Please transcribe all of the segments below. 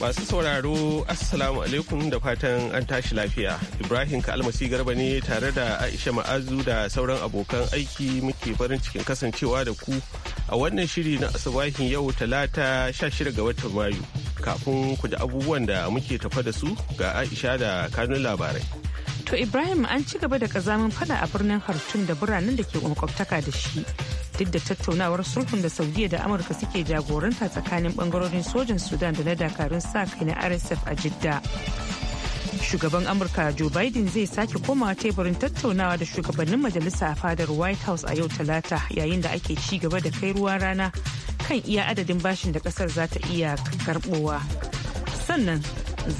Masu sauraro Assalamu alaikum da fatan an tashi lafiya. Ibrahim Kalmasi Garba ne tare da Aisha Ma'azu da sauran abokan aiki muke farin cikin kasancewa da ku a wannan shiri na asubahin yau talata 16 ga watan Mayu. Kafin ku da abubuwan da muke tafa da su ga Aisha da kanun labarai. To Ibrahim an ci gaba da kazamin fada a birnin Hartun da biranen da ke makwabtaka da shi. duk da tattaunawar sulhun da saudiya da amurka suke jagoranta tsakanin bangarorin sojan sudan da na dakarun sa kai na rsf a jidda shugaban amurka joe biden zai sake komawa teburin tattaunawa da shugabannin majalisa a fadar white house a yau talata yayin da ake ci gaba da kai ruwa rana kan iya adadin bashin da kasar za ta iya karbowa sannan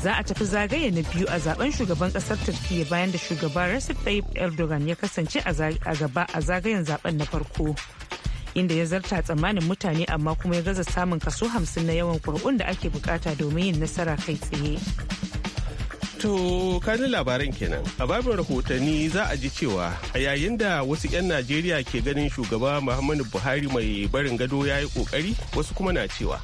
za a tafi zagaye na biyu a zaben shugaban kasar turkiya bayan da shugaban recep tayyip erdogan ya kasance a gaba a zagayen zaben na farko inda ya zarta tsammanin mutane amma kuma ya gaza samun kaso hamsin na yawan kurkun da ake bukata domin yin nasara kai tsaye. To kanin labaran kenan a babin rahotanni za a ji cewa a yayin da wasu 'yan Najeriya ke ganin shugaba Muhammadu Buhari mai barin gado ya yi kokari wasu kuma na cewa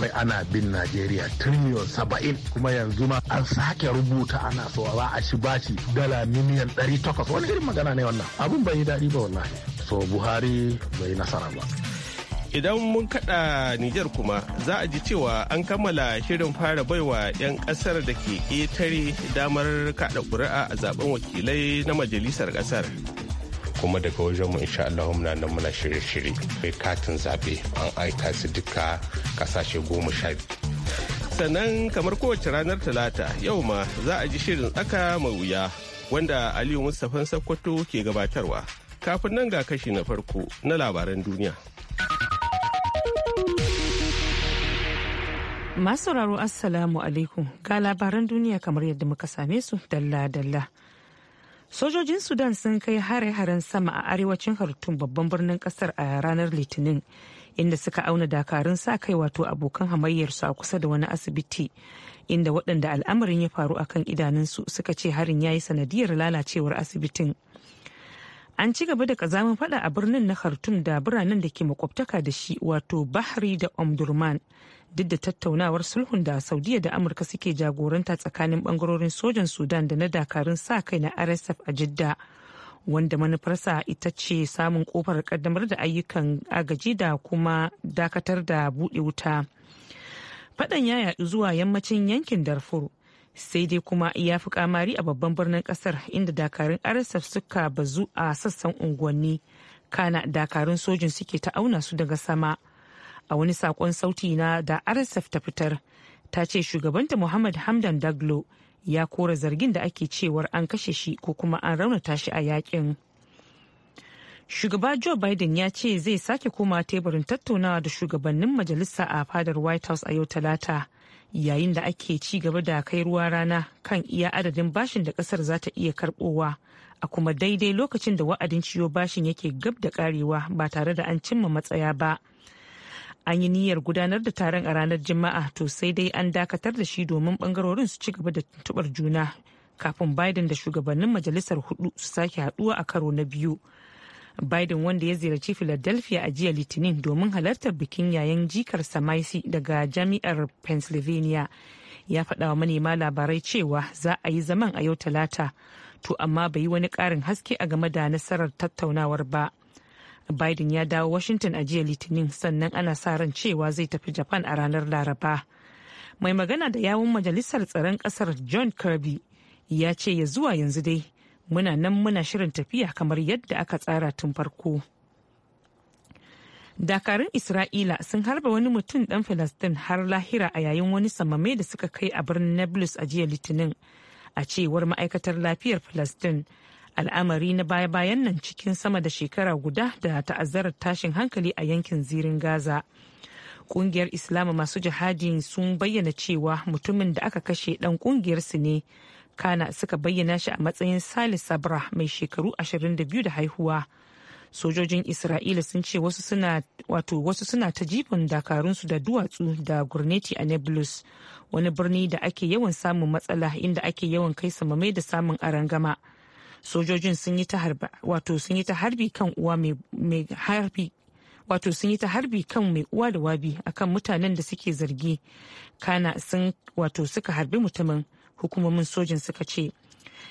wai ana bin najeriya tiriliyon saba'in kuma yanzu ma an sake rubuta ana so za a shi bashi dala miliyan ɗari takwas wani irin magana ne wannan abin bai yi daɗi ba wannan. so buhari bai nasara ba idan mun kaɗa Nijar kuma za a ji cewa an kammala shirin fara baiwa 'yan ƙasar da ke ƙetare damar kaɗa ƙuri'a a zaben wakilai na majalisar ƙasar. kuma daga wajen mu insha Allah muna nan muna shirye-shirye kai katin zaɓe an aika su duka kasashe goma sha sannan kamar kowace ranar talata yau ma za a ji shirin tsaka mai wuya wanda aliyu mustapha sakkwato ke gabatarwa kafin nan ga kashi na farko na labaran duniya masu sauraro assalamu alaikum ga labaran duniya kamar yadda muka same su dalla-dalla sojojin sudan sun kai hare-haren sama a arewacin hartun babban birnin kasar a ranar litinin inda suka auna dakarun sa kai wato abokan hamayyarsu a kusa da wani asibiti inda waɗanda al'amarin ya faru a kan idanunsu suka ce harin ya yi sanadiyar lalacewar asibitin an ci gaba da kazamin fada a birnin na khartoum da biranen da ke makwabtaka da shi wato bahri da omdurman duk da tattaunawar sulhun da saudiya da amurka suke jagoranta tsakanin bangarorin sojan sudan da na dakarun sa kai na rsf a jidda wanda manufarsa ita ce samun kofar kaddamar da ayyukan agaji da kuma dakatar da buɗe wuta faɗan ya yaɗu zuwa yammacin yankin darfur sai dai kuma ya fi kamari a babban birnin ƙasar inda dakarun rsf suka bazu a sassan unguwanni kana dakarun sojin suke ta auna su daga sama a wani sakon sauti na da rsf ta fitar ta ce shugabanta muhammad hamdan daglo ya kora zargin da ake cewar an kashe shi ko kuma an raunata shi a yakin shugaba joe biden ya ce zai sake koma teburin tattaunawa da shugabannin majalisa a fadar white house a yau talata yayin da ake ci gaba da kai ruwa rana kan iya adadin bashin da kasar za ta iya karbowa a kuma daidai lokacin da wa'adin ciyo bashin yake gab da karewa ba tare da an cimma matsaya ba an yi niyyar gudanar da taron a ranar jima'a to sai dai an dakatar da shi domin bangarorin su ci gaba da tuntubar juna kafin biden da shugabannin majalisar hudu su sake haduwa a karo na biyu biden wanda ya ziyarci philadelphia a jiya litinin domin halartar bikin yayan jikar samaisi daga jami'ar pennsylvania ya faɗa wa manema labarai cewa za a yi zaman a yau talata to amma bai yi wani ƙarin haske a game da nasarar tattaunawar ba. Biden ya dawo Washington a jiya Litinin sannan ana sa ran cewa zai tafi Japan a ranar Laraba. Mai magana da yawun Majalisar Tsaron kasar John Kirby ya ce ya zuwa yanzu dai muna nan muna shirin tafiya kamar yadda aka tsara tun farko. Dakarun Isra'ila sun harba wani mutum dan Filistin har lahira a yayin wani samame da suka kai a birnin Nablus a jiya Litinin. a cewar ma'aikatar lafiyar filistin al'amari na baya-bayan nan cikin sama da shekara guda da ta'azzarar tashin hankali a yankin zirin gaza kungiyar islamu masu jihadi sun bayyana cewa mutumin da aka kashe dan su ne kana suka bayyana shi a matsayin salis sabra mai shekaru 22 da haihuwa sojojin isra'ila sun ce wasu suna ta jifan dakarunsu da duwatsu da gurneti a nablus wani birni da ake yawan samun matsala inda ake yawan kai samame da samun arangama gama sojojin sun yi ta harbi wato sun yi ta harbi kan uwa mai harbi wato sun yi ta harbi kan mai uwa da wabi akan mutanen da suke zargi kana sun wato suka harbi mutumin hukumomin sojin suka ce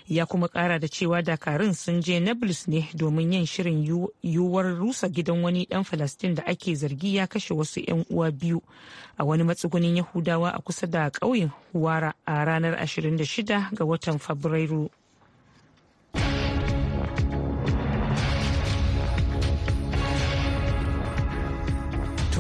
ya kuma kara da cewa dakarun sun je nablus ne domin yin shirin yiwuwar rusa gidan wani dan falastin da ake zargi ya kashe wasu 'yan uwa biyu a wani matsugunin yahudawa a kusa da ƙauyen huwara a ranar 26 ga watan fabrairu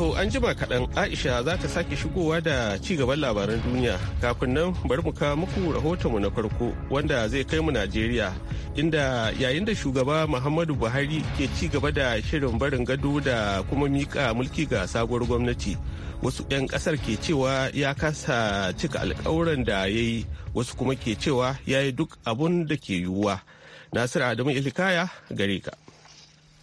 To an jima kaɗan Aisha za ta sake shigowa da ci gaban labaran duniya. Kafin nan bari mu kawo muku rahotonmu na farko wanda zai kai mu Najeriya. Inda yayin da shugaba Muhammadu Buhari ke ci gaba da shirin barin gado da kuma miƙa mulki ga sabuwar gwamnati. Wasu 'yan ƙasar ke cewa ya kasa cika alkawuran da ya yi wasu kuma ke cewa ya yi duk abun da ke yiwuwa. Nasiru Adamu Ilikaya gare ka.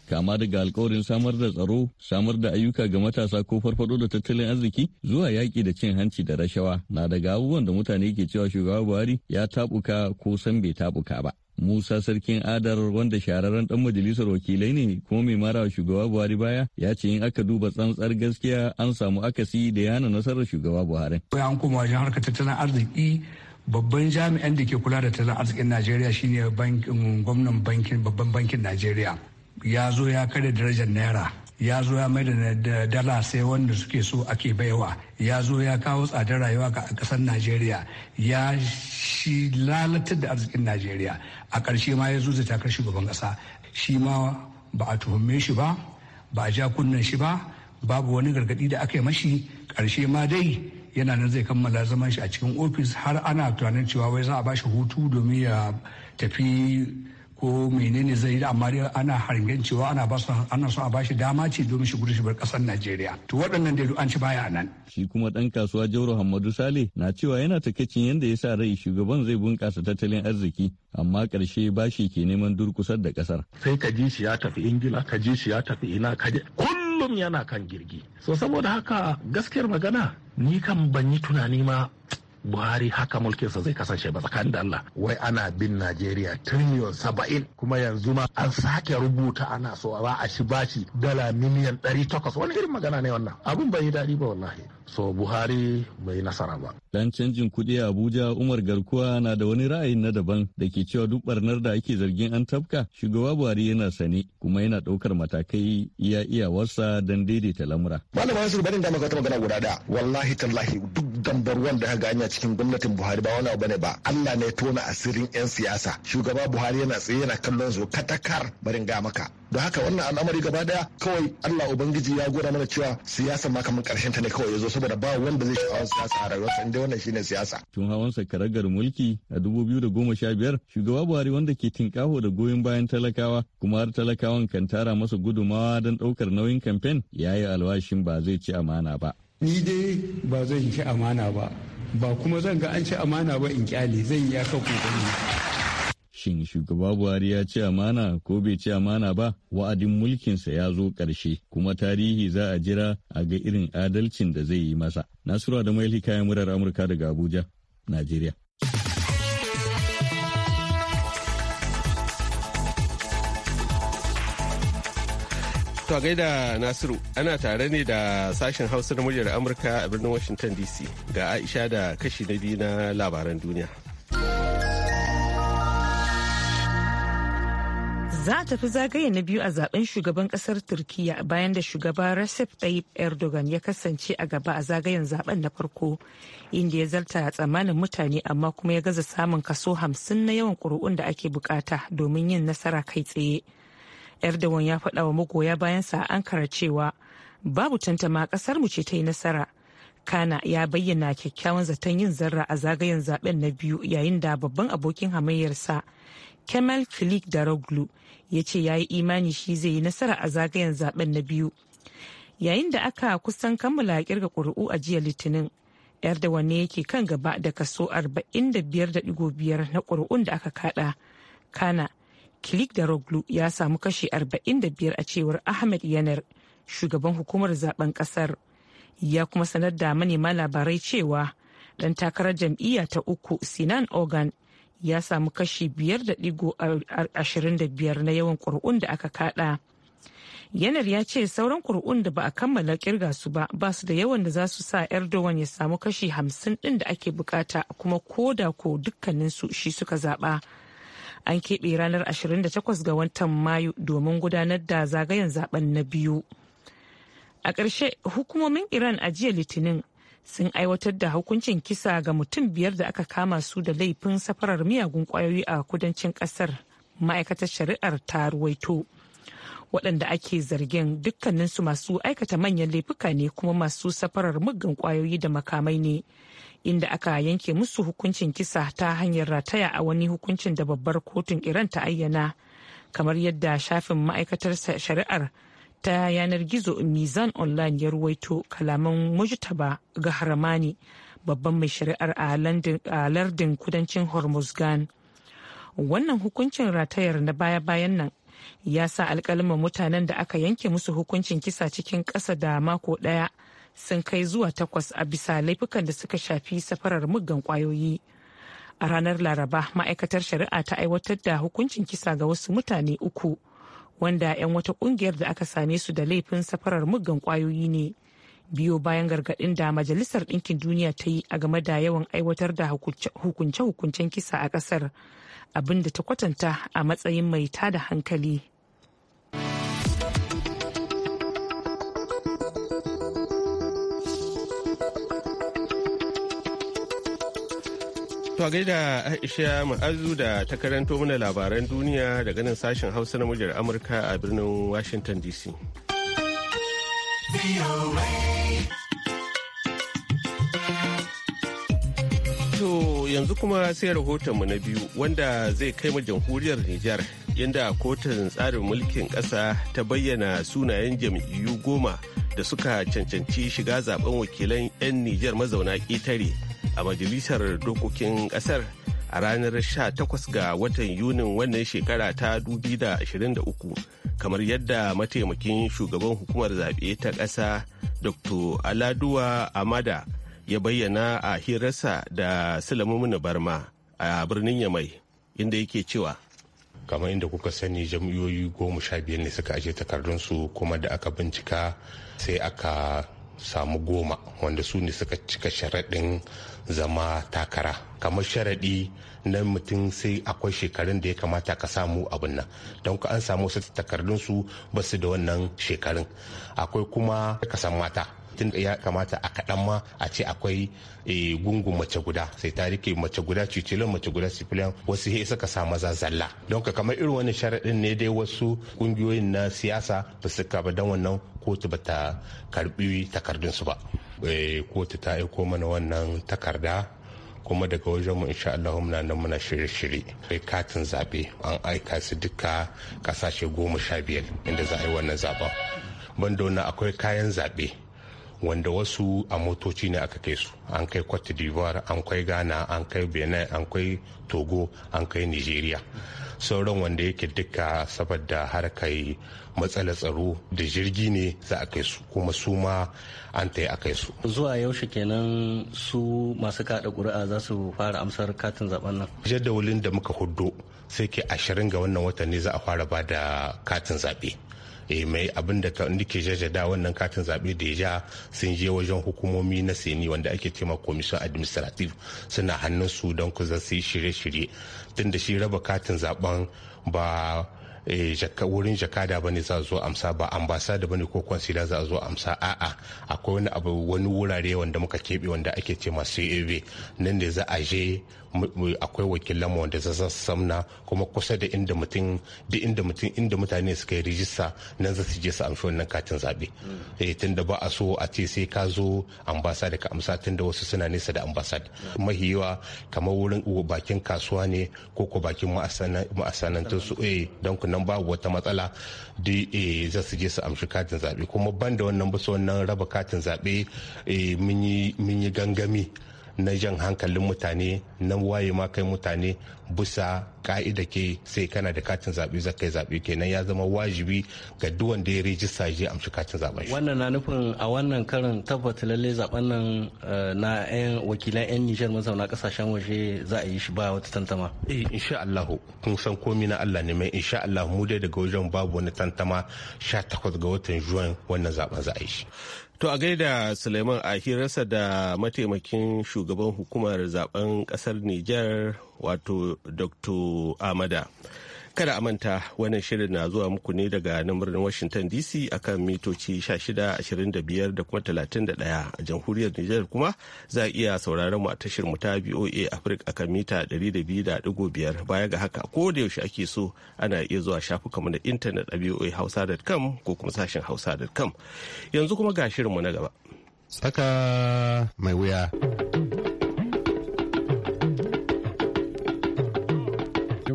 kama daga alkawarin samar da tsaro samar da ayyuka ga matasa ko farfado da tattalin arziki zuwa yaƙi da cin hanci da rashawa na daga abubuwan da mutane ke cewa shugaba buhari ya tabuka ko san bai tabuka ba Musa Sarkin Adar wanda shahararren dan majalisar wakilai ne kuma mai mara shugaba Buhari baya ya ce in aka duba tsantsar gaskiya an samu akasi da yana nasarar shugaba Buhari. Bayan kuma wajen harkar tattalin arziki babban jami'an da ke kula da tattalin arzikin najeriya shine bankin gwamnan bankin babban bankin najeriya ya zo ya kare darajar naira ya zo ya mai da dala sai wanda suke so ake baiwa ya zo ya kawo tsadar rayuwa ga kasar najeriya ya shi lalatar da arzikin najeriya a ƙarshe ma ya zo zuzuta takar shugaban ƙasa shi ma ba a tuhumme shi ba ba a ja kunnen shi ba babu wani gargaɗi da aka yi mashi ƙarshe ma dai yana nan zai kammala zaman shi a cikin ofis har ana tunanin cewa wai za a ba shi hutu domin ya tafi ko menene zai yi amma ana hargancewa cewa ana ba su ana so a bashi dama ce domin shi gudu shi bar kasar Najeriya to waɗannan da an ci baya nan shi kuma dan kasuwa Jauro Hamadu Sale na cewa yana takeicin yanda ya sa rai shugaban zai bunkasa tattalin arziki amma karshe bashi ke neman durkusar da kasar sai ka ji shi ya tafi Ingila ka ji shi ya tafi ina ka je kullum yana kan girgi so saboda haka gaskiyar magana ni kan ban yi tunani ma buhari haka mulkinsa zai kasance ba tsakanin da allah wai ana bin najeriya yau saba'in kuma yanzu ma an sake rubuta ana so za a ci bashi dala miliyan ɗari takwas wani irin magana ne wannan abun bai yi daɗi ba wallahi so buhari bai nasara ba dan canjin kuɗi a abuja umar garkuwa na da wani ra'ayi na daban da ke cewa duk barnar da ake zargin an tafka shugaba buhari yana sane kuma yana ɗaukar matakai iya iyawarsa don daidaita lamura malama yasir barin da magana guda da wallahi tallahi duk dambar wanda ya ga ce cikin gwamnatin Buhari ba wani abu bane ba Allah ne tona asirin 'yan siyasa shugaba Buhari yana tsaye yana kallon su katakar barin ga maka da haka wannan al'amari gaba daya kawai Allah ubangiji ya gora mana cewa siyasa ma kamar karshen ta ne kawai yazo saboda ba wanda zai sha'awar siyasa a rayuwarsa inda wannan shine siyasa tun hawan sa karagar mulki a biyu da goma sha biyar shugaba Buhari wanda ke tinkaho da goyon bayan talakawa kuma har talakawan kan tara masa gudumawa don daukar nauyin kamfen yayi alwashin ba zai ci amana ba ni dai ba zan ci amana ba ba kuma zan ga an ci amana ba in kyale zan yi aka kokari shin shugaba buhari ya ce amana ko bai ci amana ba wa'adin mulkinsa ya zo ƙarshe kuma tarihi za a jira a ga irin adalcin da zai yi masa Nasiru da mai kayan murar amurka daga abuja najeriya To gaida Nasiru ana tare ne da sashen Hausa na muryar Amurka a birnin Washington DC ga Aisha da kashi na biyu na labaran duniya. Za a tafi zagaye na biyu a zaben shugaban kasar Turkiyya bayan da shugaba Recep Tayyip Erdogan ya kasance a gaba a zagayen zaben na farko inda ya zarta tsammanin mutane amma kuma ya gaza samun kaso hamsin na yawan ƙuri'un da ake bukata domin yin nasara kai tsaye. Erdogan ya faɗa wa magoya bayansa a Ankara cewa babu tantama ƙasar mu ce ta yi nasara. Kana ya bayyana kyakkyawan zaton yin zarra a zagayen zaben na biyu yayin da babban abokin hamayyarsa Kemal Kilik Daroglu ya ce ya yi imani shi zai yi nasara a zagayen zaben na biyu. Yayin da aka kusan kammala kirga ƙuri'u a jiya Litinin, Erdogan ne yake kan gaba da kaso biyar na ƙuri'un da aka kaɗa Kana kilik da roglu ya samu kashi 45 a cewar ahmed yanar shugaban hukumar zaben kasar ya kuma sanar da manema labarai cewa dan takarar jam'iyya ta uku sinan ogan ya samu kashi 5.25 na yawan ƙuri'un da aka kada yanar ya ce sauran ƙuri'un da ba a kammala kirga su ba ba su da yawan da za su sa erdogan ya samu kashi 50 ɗin da ake bukata kuma ko da ko dukkaninsu shi suka zaɓa. an keɓe ranar 28 ga watan mayu domin gudanar da zagayen zaben na biyu a ƙarshe hukumomin iran a jiya litinin sun aiwatar da hukuncin kisa ga mutum biyar da aka kama su da laifin safarar miyagun ƙwayoyi a kudancin ƙasar ma'aikatar shari'ar ta ruwaito waɗanda ake zargin dukkaninsu masu aikata manyan laifuka ne kuma masu safarar muggan ƙwayoyi da makamai ne inda aka yanke musu hukuncin kisa ta hanyar rataya a wani hukuncin da babbar kotun iran ta ayyana kamar yadda shafin ma'aikatar shari'ar ta yanar gizo mizan online ya ruwaito kalaman mujtaba ga haramani babban mai shari'ar a lardin kudancin hormuzgan wannan hukuncin ratayar na baya-bayan nan ya sa alkalamin mutanen da aka yanke musu hukuncin kisa cikin ƙasa da mako ɗaya sun kai zuwa takwas a bisa laifukan da suka shafi safarar muggan kwayoyi. A ranar Laraba, ma'aikatar shari'a ta aiwatar da hukuncin kisa ga wasu mutane uku, wanda 'yan wata kungiyar da aka same su da laifin safarar muggan kwayoyi ne. Biyo bayan gargaɗin da Majalisar Ɗinkin Duniya ta yi a game da yawan aiwatar da hukunce-hukuncen kisa a ƙasar, abin da ta kwatanta a matsayin mai tada hankali. To gaida Aisha Mu'azu da ta karanto mana labaran duniya daga nan sashen Hausa na mujar Amurka a birnin Washington DC. To yanzu kuma sai rahotonmu na biyu wanda zai kai mu jamhuriyar Nijar yadda kotun tsarin mulkin ƙasa ta bayyana sunayen jam'iyyu goma da suka cancanci shiga zaben wakilan 'yan Nijar mazauna ƙetare. a majalisar dokokin kasar a ranar 18 ga watan yunin wannan shekara ta 2023 kamar yadda mataimakin shugaban hukumar zaɓe ta ƙasa dr aladuwa amada ya bayyana a hirarsa da silamumuni barma a birnin yamai inda yake cewa kamar inda kuka sani jam'iyoyi goma sha biyar ne suka takardun takardunsu kuma da aka bincika sai aka samu goma wanda su ne suka cika sharaɗin zama takara kamar sharaɗi na mutum sai akwai shekarun da ya kamata ka samu abin nan don ka an samu wasu takardun su ba su da wannan shekarun akwai kuma san mata tun ya kamata a kaɗan ma a ce akwai eh, gungun mace guda sai ta rike mace guda cicilin mace guda sifiliyan wasu sai suka sa maza zalla don ka kamar irin wani sharaɗin ne dai wasu ƙungiyoyin na siyasa ba su ba don wannan kotu ba ta karɓi takardunsu ba Eh, kotu ta aiko mana wannan takarda kuma daga wajen mu insha Allah muna nan muna shirye-shirye kai katin zabe an aika su duka kasashe goma sha biyar inda za a yi wannan zaben banda wannan akwai kayan zabe wanda wasu a motoci ne aka kai su an kai cote d'ivoire an kai ghana an kai benin an kai togo an kai nigeria sauran wanda yake duka saboda harkar matsala tsaro da jirgi ne za a kai su kuma su ma an ta yi a kai su zuwa yaushe kenan su masu kaɗa ƙuri'a za su fara amsar katin zaben nan jadawalin da muka hudu sai ke ashirin ga wannan watan ne za a fara ba da katin zaɓe eh, mai abin da nike jajada wannan katin zaɓe da ya ja sun je wajen hukumomi na seni wanda ake cema commission administrative suna hannun su don ku su shirye-shirye tun da shi raba katin zaben ba Eh, wurin jakada ba ne za a zo amsa ba ambasada da ne ko kwansila za a zo amsa a'a akwai wani abu wani wurare wanda muka keɓe wanda ake ce masu CAV nan da za a je akwai wakilan mu wanda za samna kuma kusa da inda mutum duk inda mutum inda mutane suka yi rijista nan za su je su amfani wannan katin zaɓe mm. eh tunda ba a so a ce sai ka zo ambasada ka amsa tunda wasu suna nesa da ambasada mm. mahiwa kamar wurin bakin kasuwa ne ko ko bakin ma'asanantun su eh don ku nan babu wata matsala duk eh za su je su amfani katin zabe kuma banda da wannan bisa wannan raba katin zaɓe eh, mun yi gangami na jan hankalin mutane na waye ma kai mutane bisa ka'ida ke sai kana da katin zaɓe za kai zaɓe kenan ya zama wajibi ga duk wanda ya rijista je amshi katin zaɓen Wannan na nufin a wannan karin tabbata lalle zaɓen nan eh, na 'yan wakilan 'yan Nijar mazauna kasashen waje za a yi shi ba wata tantama. Eh insha Allahu kun san komi na Allah ne mai insha Allah mu dai daga wajen babu wani tantama 18 ga watan Juwan wannan zaɓen za a yi shi. To a gaida Suleiman a hirarsa da mataimakin shugaban hukumar zaben kasar Nijar wato Dr. Amada. Kada a manta wannan shirin na zuwa muku ne daga nan birnin Washington DC akan mitoci 1625 da kuma 31 a jamhuriyar Nijar kuma za a iya sauraron mu a tashar mu ta BOA Africa akan mita 200.5 baya ga haka ko da yaushe ake so ana iya zuwa shafukan mu na intanet a boahausa.com ko kuma sashen hausa.com yanzu kuma ga shirin mu na gaba. Tsaka mai wuya.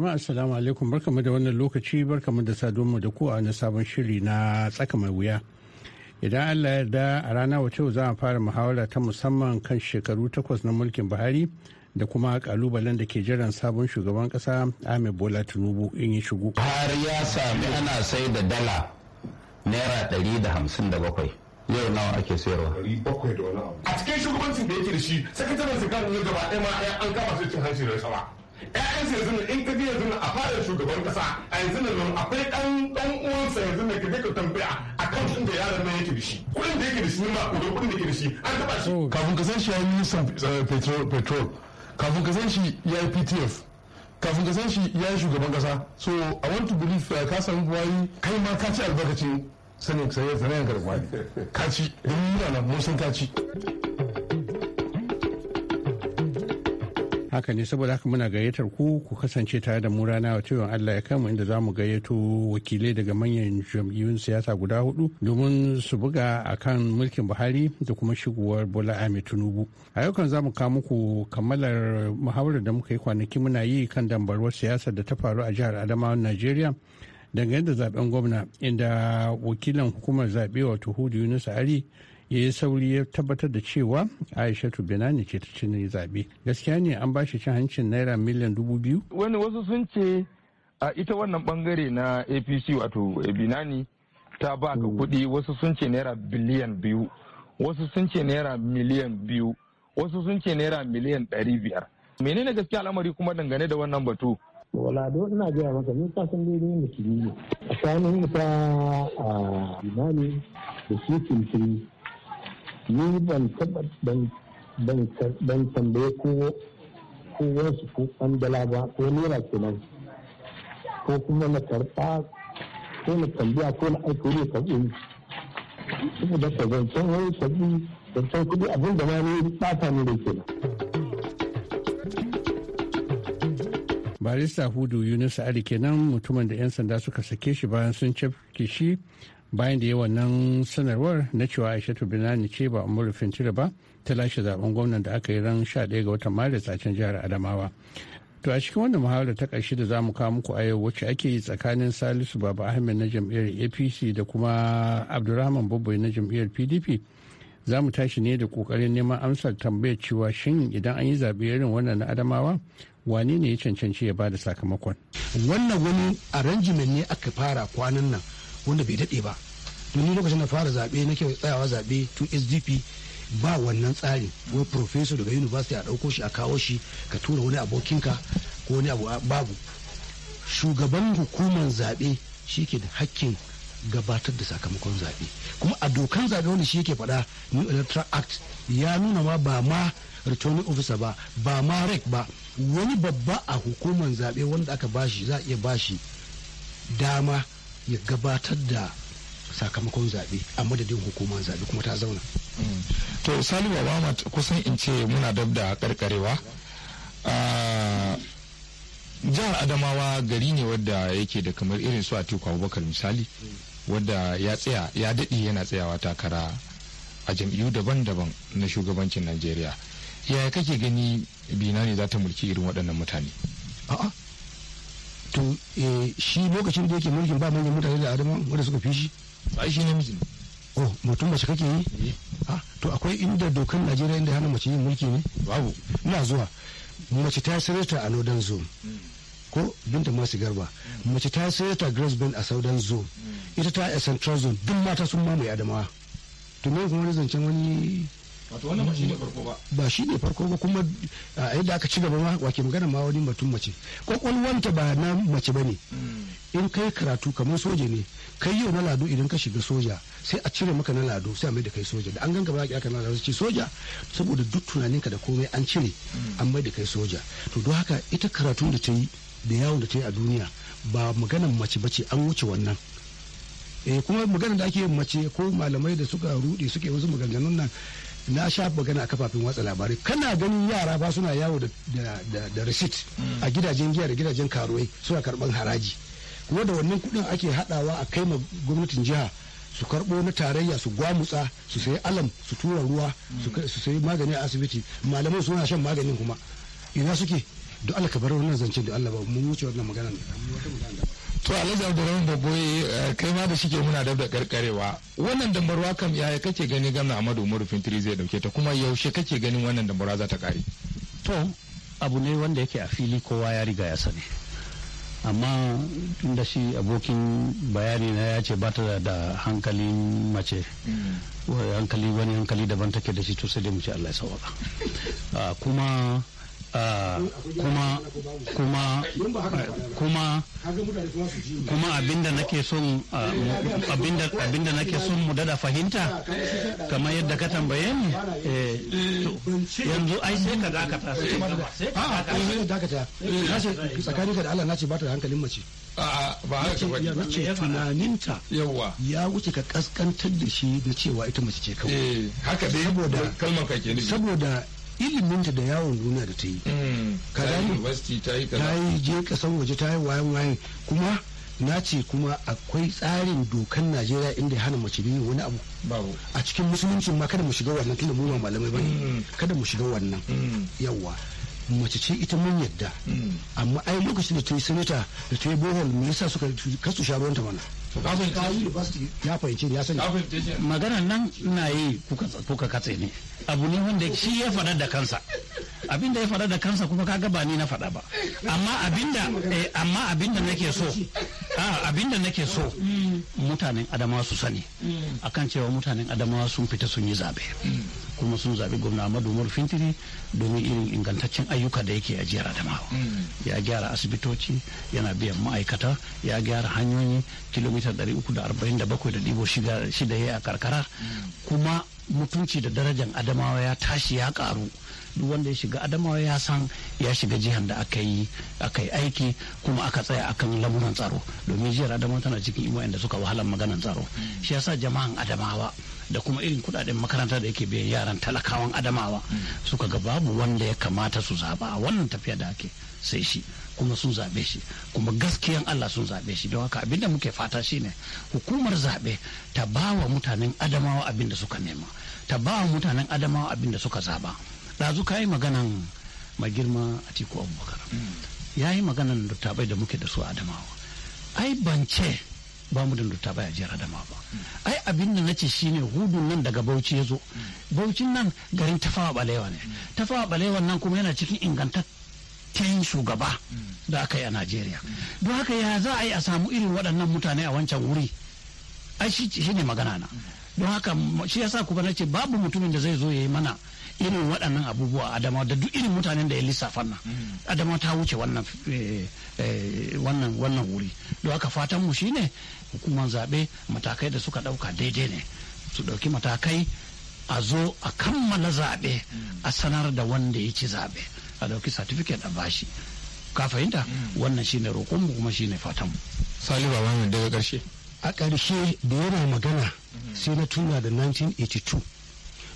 jama'a assalamu alaikum barkamu da wannan lokaci barkamu da saduwa da ku a na sabon shiri na tsaka mai wuya idan allah yarda a rana wacce za a fara muhawara ta musamman kan shekaru takwas na mulkin buhari da kuma kalubalen da ke jiran sabon shugaban kasa ahmed bola tinubu in yi shigo har ya sami ana sai da dala naira ɗari da hamsin da bakwai yau nawa ake sayarwa a cikin shugabancin da yake da shi sakataren sikarin gaba ɗaya ma an kama su cin hanci da sama ƴaƴan su yanzu in ka ji yanzu a fara shugaban kasa a yanzu zama akwai ɗan ɗan uwansa yanzu ne ka tambaya a kan akan da yaron nan yake da shi kuɗin da yake da shi ne ma kuɗin kuɗin da yake da shi an taɓa shi. kafin ka san shi ya yi nisan eh, petrol kafin ka san shi ya yi ptf kafin ka san shi ya yi shugaban kasa so i want to believe eh, ka san buhari kai ma ka ci albarkacin sanin sanayen garkuwa ne ka ci don muna nan mun san ka ci. haka ne saboda haka muna gayyatar ku ku kasance tare da mu rana cewa Allah ya kama inda za mu gayyato wakilai daga manyan jam'iyyun siyasa guda hudu domin su buga a kan mulkin Buhari da kuma shigowar Bola Ahmed Tinubu. A yau kan za mu kawo muku kammalar muhawarar da muka yi kwanaki muna yi kan dambarwar siyasa da ta faru a jihar Adamawa Najeriya. dangane da zaben gwamna inda wakilan hukumar zaɓe wato Hudu Yunus Ali ya yi sauri ya tabbatar da cewa aishatu binani ce ta cinye zaɓe gaskiya ne an bashi cin hancin naira miliyan dubu biyu wani wasu sun ce a ita wannan bangare na apc wato binani ta ba ka mm. kuɗi wasu sun ce naira biliyan biyu wasu sun ce naira miliyan biyu wasu sun ce naira miliyan ɗari biyar menene gaskiya al'amari kuma dangane da wannan batu wala don ina gaya maka ni kasan dai ne musulmi ne tsakanin ta a binani da shi tuntun ni ban taba ban tambaye ko wasu ko dala ba ko nera kenan ko kuma na karba ko na tambaya ko na aiko ne karɓi da ka zancen wani da zancen kudi abin da ma ne ɓata ne da kenan. barista hudu yunus ali kenan mutumin da 'yan sanda suka sake shi bayan sun cafke shi bayan da yi wannan sanarwar na cewa aishatu binani ce ba murufin tira ba ta lashe zaben gwamnan da aka yi ran sha 11 ga watan maris a can jihar adamawa to a cikin wannan muhawara ta ƙarshe da za mu kawo muku a yau wacce ake yi tsakanin salisu baba ahmed na jam'iyyar apc da kuma abdulrahman babbai na jam'iyyar pdp za mu tashi ne da ƙoƙarin neman amsar tambayar cewa shin idan an yi zaɓe irin wannan na adamawa wane ne ya cancanci ya ba da sakamakon wannan wani arrangement ne aka fara kwanan nan wanda bai daɗe ba ni lokacin da fara zaɓe nake tsayawa zaɓe to sdp ba wannan tsari wai professor daga university a ɗauko shi a kawo shi ka tura wani abokinka ko wani abu babu shugaban hukumar zaɓe shi ke da hakkin gabatar da sakamakon zaɓe kuma a dokan zaɓe wanda shi yake faɗa new electoral act ya nuna ma ba ma returning officer ba ba ma rec ba wani babba a hukumar zaɓe wanda aka bashi za a iya bashi dama ya gabatar da sakamakon zaɓe a madadin hukumar zaɓe kuma ta zauna. to saliwa ba kusan in ce muna dab da karkarewa jihar adamawa gari ne wadda yake da kamar irin su a teku abubakar misali wadda ya tsaya ya daɗe yana tsayawa takara a jam'iyyu daban-daban na shugabancin najeriya yaya kake gani binani za ta mulki irin waɗannan mutane a'a to eh, shi lokacin da yake mulkin ba manyan mutane da adama wanda suka fi shi ba shi mijin oh mutum mace kake yi ha eh. ah, to akwai inda dokar najeriya inda hana mace yin mulki ne babu ina zuwa mace ta sarauta a northern zone hmm. ko binta masu garba hmm. mace ta sarauta grace bend a southern zone hmm. ita ta a central zone duk mata sun mamaye adamawa to me kuma zancen wani wato wannan ba shi ne farko ba ba shi ne farko ba kuma a yadda aka ci gaba ma wake magana ma wani mutum mace kwakwalwanta ba na mace ba ne hmm. in kai karatu kamar soja ne kai yau na lado idan ka shiga soja sai a cire maka na lado sai a mai da kai soja da an ganga ba za ka na lado soja saboda duk tunaninka da komai an cire hmm. an mai da kai soja to don haka ita karatun da ta yi da yawon da ta yi a duniya ba maganan mace bace an wuce wannan eh kuma maganar da ake mace ko malamai da suka rudi suke wasu maganganun nan na sha magana a kafafen watsa labarai kana ganin yara ba suna yawo da receipt a gidajen giya da gidajen karuwai suna karban haraji kuma da wannan kuɗin ake haɗawa a kai ma gwamnatin jiha su karbo na tarayya su gwamutsa su sayi alam su tura ruwa su sayi magani a asibiti malaman suna shan maganin kuma ina suke don Allah ka bar wannan zancen da Allah ba mun wuce wannan magana ne to alhaji abdurrahman baboye eh, kai ma da shike muna dab da karkarewa wannan dambarwa kam yaya kake gani gamna amadu umaru fintiri zai dauke ta kuma yaushe kake ganin wannan dambarwa za ta kare to abu ne wanda yake a fili kowa ya riga ya sani amma inda shi abokin bayani na ya ce bata da hankalin mace mm. wani hankali daban take da shi to sai dai mu ce Allah ya sauwaka ah, kuma kuma kuma kuma kuma abinda nake son abinda abinda nake son mu dada fahimta kamar yadda ka tambaye ni eh, yanzu ai sai ka dakata sai ka ah, dakata eh, tsakanin ka da Allah nace ba ta hankalin mace a'a ba haka ba nace tunaninta yawa ya wuce ka kaskantar da shi da cewa ita mace ce kawai eh, haka dai saboda kalmar ka ke saboda iliminta da yawon duniya da ta yi hmm. ta yi je kasan waje ta yi wayan wayan kuma na ce kuma akwai tsarin dokan najeriya inda ya hana mace biyu wani abu a cikin musulunci ma kada mu shiga wannan tunda mu ba malamai ba ne. Hmm. kada mu shiga wannan hmm. yawwa mace ce ita mun yadda amma ai lokacin da ta yi sanata da ta yi bohol me yasa suka kasu sharuwanta mana ya magana nan na yi kuka katse ne abu ne wanda shi ya faɗa da kansa abinda ya faɗa da kansa kuma kaga ba ni na faɗa ba amma abinda eh, amma abinda nake so abinda nake so mutanen adamawa su sani mm. akan cewa mutanen Adama sun fita sun yi zabe mm. kuma sun zabi gwamna Ahmadu murfintiri domin irin ingantaccen ayyuka da yake a jihar Adamawa mm. ya gyara asibitoci yana biyan ma'aikata ya gyara hanyoyi kilomita kilomita 347.6 ya a karkara kuma mutunci da darajar adamawa ya tashi ya karu duk wanda ya shiga adamawa ya san ya shiga jihar da aka yi aiki kuma aka tsaya akan lamuran tsaro domin jihar adamawa tana cikin imayen da suka wahalar maganan tsaro shi yasa jama'an adamawa da kuma irin kudaden makaranta da yake biyan yaran talakawan adamawa suka ga babu wanda ya kamata su zaba a wannan tafiya da ake sai shi kuma sun zaɓe shi kuma gaskiyan Allah sun zaɓe shi don haka abinda muke fata shine hukumar zaɓe ta ba wa mutanen adamawa abinda suka nema ta ba wa mutanen adamawa abinda suka zaɓa ɗazu ka yi maganan mai girma a tiku abubakar ya yi maganan dattabai da muke da su adamawa ai bance ba mu da dattabai a jihar adamawa ba ai abin na ce shine hudun nan daga bauchi ya zo bauchin nan garin tafawa balewa ne tafawa balewa nan kuma yana cikin ingantattun tin shugaba da aka yi a najeriya don haka ya za a yi a samu irin waɗannan mutane a wancan wuri ai shi ne magana na don haka shi yasa kuka na ce babu mutumin da zai zo ya yi mana irin waɗannan abubuwa adama da duk irin mutanen da ya lissafa nan adama ta wuce wannan eh, eh, wannan wuri don haka fatan mu shine hukumar zaɓe matakai da suka ɗauka daidai ne su ɗauki matakai a zo a kammala zaɓe a sanar da wanda ya ci zaɓe a dauki certificate a bashi ka fahimta wannan shine roƙon mu kuma shine fatan mu sali ba mai daga ƙarshe a ƙarshe da yana magana sai na tuna da 1982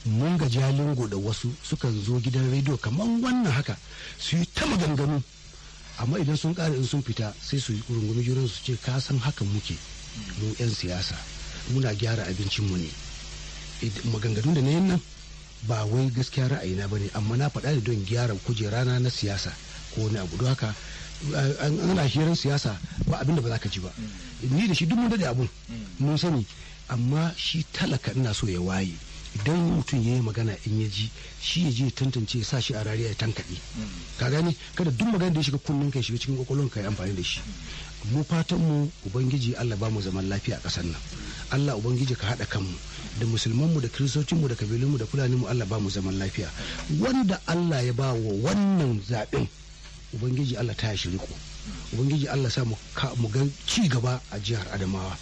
mun ga jalingo da wasu sukan zo gidan rediyo kamar wannan haka su yi ta maganganu amma idan sun ƙara in sun fita sai su yi rungumi juran su ce ka san haka muke mu 'yan siyasa muna gyara abincinmu ne maganganun da na yin nan ba wai gaskiya ra'ayina ba ne amma na faɗa da don gyara kujerana na siyasa ko wani abu don haka an ana hirar siyasa ba abin da ba za ka ji ba ni da shi duk mun da abun mun sani amma shi talaka ina so ya waye idan mutum ya yi magana in ya ji shi ya je ya tantance ya sa shi a rariya ya tankaɗe ka gani kada duk magana da ya shiga kunnen ka shiga cikin kwakwalwar ka amfani da shi mu fatan mu ubangiji Allah ba mu zaman lafiya a kasar nan Allah ubangiji ka haɗa kanmu da musulmanmu da mu da kabilunmu da mu Allah ba mu zaman lafiya wanda Allah ya ba wa wannan zaɓen ubangiji Allah ta shi riko ubangiji Allah sa mu ga ci gaba a jihar Adamawa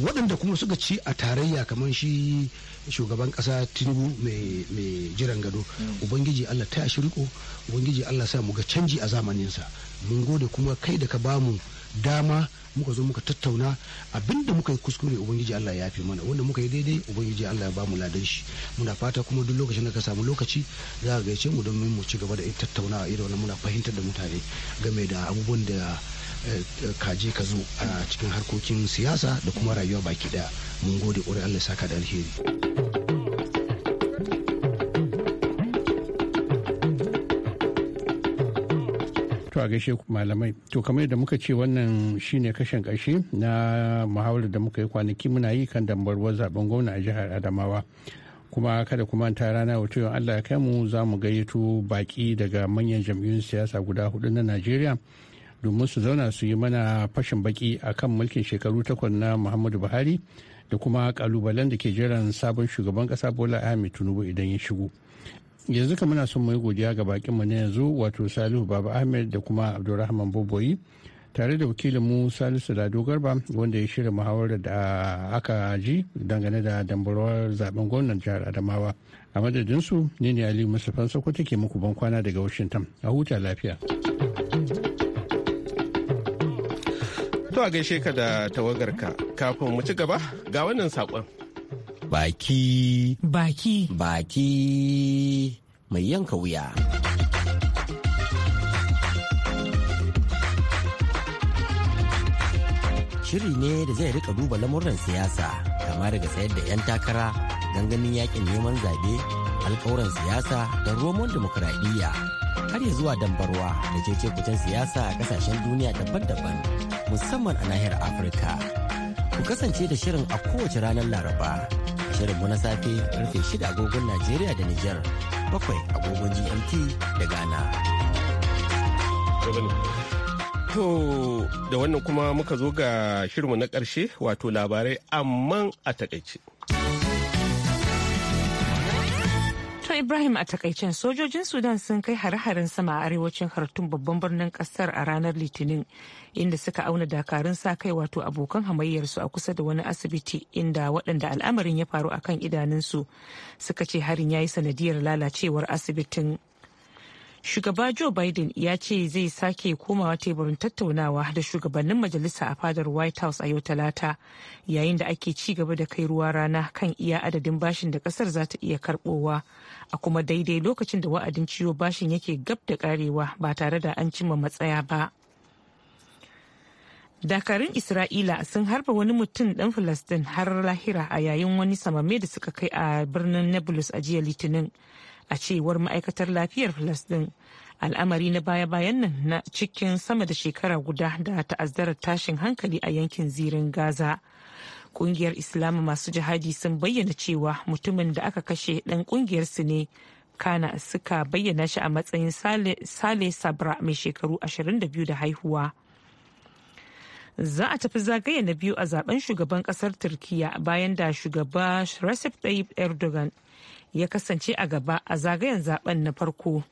waɗanda kuma suka ci a tarayya kamar shi shugaban ƙasa tinubu mai jiran gado ubangiji allah ta shiriko ubangiji allah sa mu ga canji a zamaninsa mun gode kuma kai da ka bamu dama muka zo muka tattauna abinda muka yi kuskure ubangiji Allah ya yafe mana wanda muka yi daidai ubangiji Allah ya bamu ladan shi muna fata kuma duk lokacin da ka samu lokaci za ka gaice mu domin mu ci gaba da tattaunawa irin wannan muna fahimtar da mutane game da abubuwan da eh, kaje ka zo a cikin harkokin siyasa da kuma rayuwa baki daya mun gode ƙwarai Allah ya saka da alheri. To a gaishe malamai. To kamar da muka ce wannan shine kashin ƙarshe na muhawarar da muka yi kwanaki muna yi kan dambarwar zaben gwamna a jihar Adamawa. Kuma kada kuma ta rana wato yau Allah ya kai mu za mu gayyato baki daga manyan jam'iyyun siyasa guda hudu na Najeriya domin su zauna su yi mana fashin baki akan mulkin shekaru takwas na Muhammadu Buhari da kuma kalubalen da ke jiran sabon shugaban kasa Bola Ahmed Tinubu idan ya shigo. yanzu ka muna son mu godiya ga bakin mu na yanzu wato salihu baba ahmed da kuma abdulrahman boboyi tare da wakilinmu salisu lado garba wanda ya shirya muhawarar da aka ji dangane da dambarwar zaben gwamnan jihar adamawa a madadinsu ne ne ali musufan sokoto ke muku ban kwana daga washington a huta lafiya to a gaishe ka da tawagarka kafin mu ci gaba ga wannan sakon Baki. Baki. Baki mai yanka wuya. Shiri ne da zai rika duba lamuran siyasa kama daga tsayar da 'yan takara ganin yakin neman zaɓe alkawuran siyasa da romon demokuraɗiyya har ya zuwa dambarwa da cece siyasa a ƙasashen duniya daban-daban musamman a nahiyar afirka Ku kasance da shirin a kowace ranar Laraba. Shirinmu na safe karfe shida agogon Najeriya da Nijar, bakwai agogon GMT da Ghana. To, da wannan kuma muka zo ga shirinmu na ƙarshe wato labarai amman a taƙaice. Ibrahim a takaicen sojojin Sudan sun kai hare-haren sama a arewacin hartun babban birnin kasar a ranar Litinin inda suka auna dakarun sa kai wato abokan hamayyarsu a kusa da wani asibiti inda waɗanda al'amarin ya faru akan idanunsu suka ce harin ya yi sanadiyar lalacewar asibitin. shugaba joe biden ya ce zai sake komawa teburin tattaunawa da shugabannin majalisa a fadar white house a yau talata yayin da ake ci gaba da kai ruwa rana kan iya adadin bashin da kasar za ta iya karbowa a kuma daidai lokacin da wa'adin ciwo bashin yake gab da karewa ba tare da an cimma matsaya ba dakarun isra'ila sun harba wani mutum dan filastin har lahira a yayin wani samame da suka kai a birnin nablus a jiya litinin a cewar ma'aikatar lafiyar Falasɗin. al'amari na baya-bayan nan na cikin sama da shekara guda da ta'azzarar tashin hankali a yankin zirin gaza kungiyar islamu masu jihadi sun bayyana cewa mutumin da aka kashe dan kungiyarsu ne kana suka bayyana shi a matsayin sale sabra mai shekaru 22 da haihuwa za a tafi zagaya na biyu a zaben shugaban ƙasar turkiya bayan da shugaba recep tayyip erdogan ya kasance a gaba a zagayen zaben na farko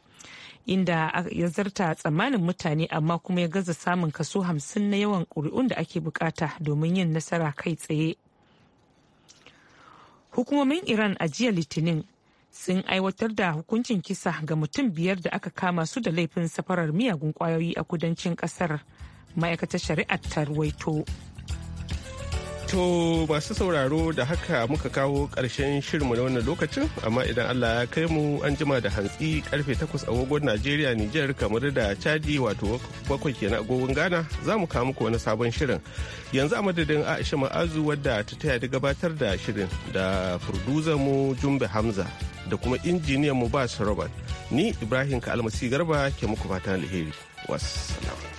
inda ya zarta tsammanin mutane amma kuma ya gaza samun kaso hamsin na yawan ƙuri'un da ake bukata domin yin nasara kai tsaye hukumomin iran a jiya litinin sun aiwatar da hukuncin kisa ga mutum biyar da aka kama su da laifin safarar miyagun kwayoyi a kudancin kasar ma'aikatar shari'ar ta ruwaito. To masu sauraro da haka muka kawo ƙarshen shirinmu na wannan lokacin amma idan Allah ya kai mu an jima da hantsi karfe 8 agogon Najeriya Nijar kamar da Chadi wato bakwai kenan agogon Ghana za mu kawo muku wani sabon shirin. Yanzu a madadin Aisha Ma'azu wadda ta taya da gabatar da shirin da furduza mu Jumbe Hamza da kuma injiniyan mu Bas Robert. Ni Ibrahim Kalmasi Garba ke muku fatan alheri. Wassalam.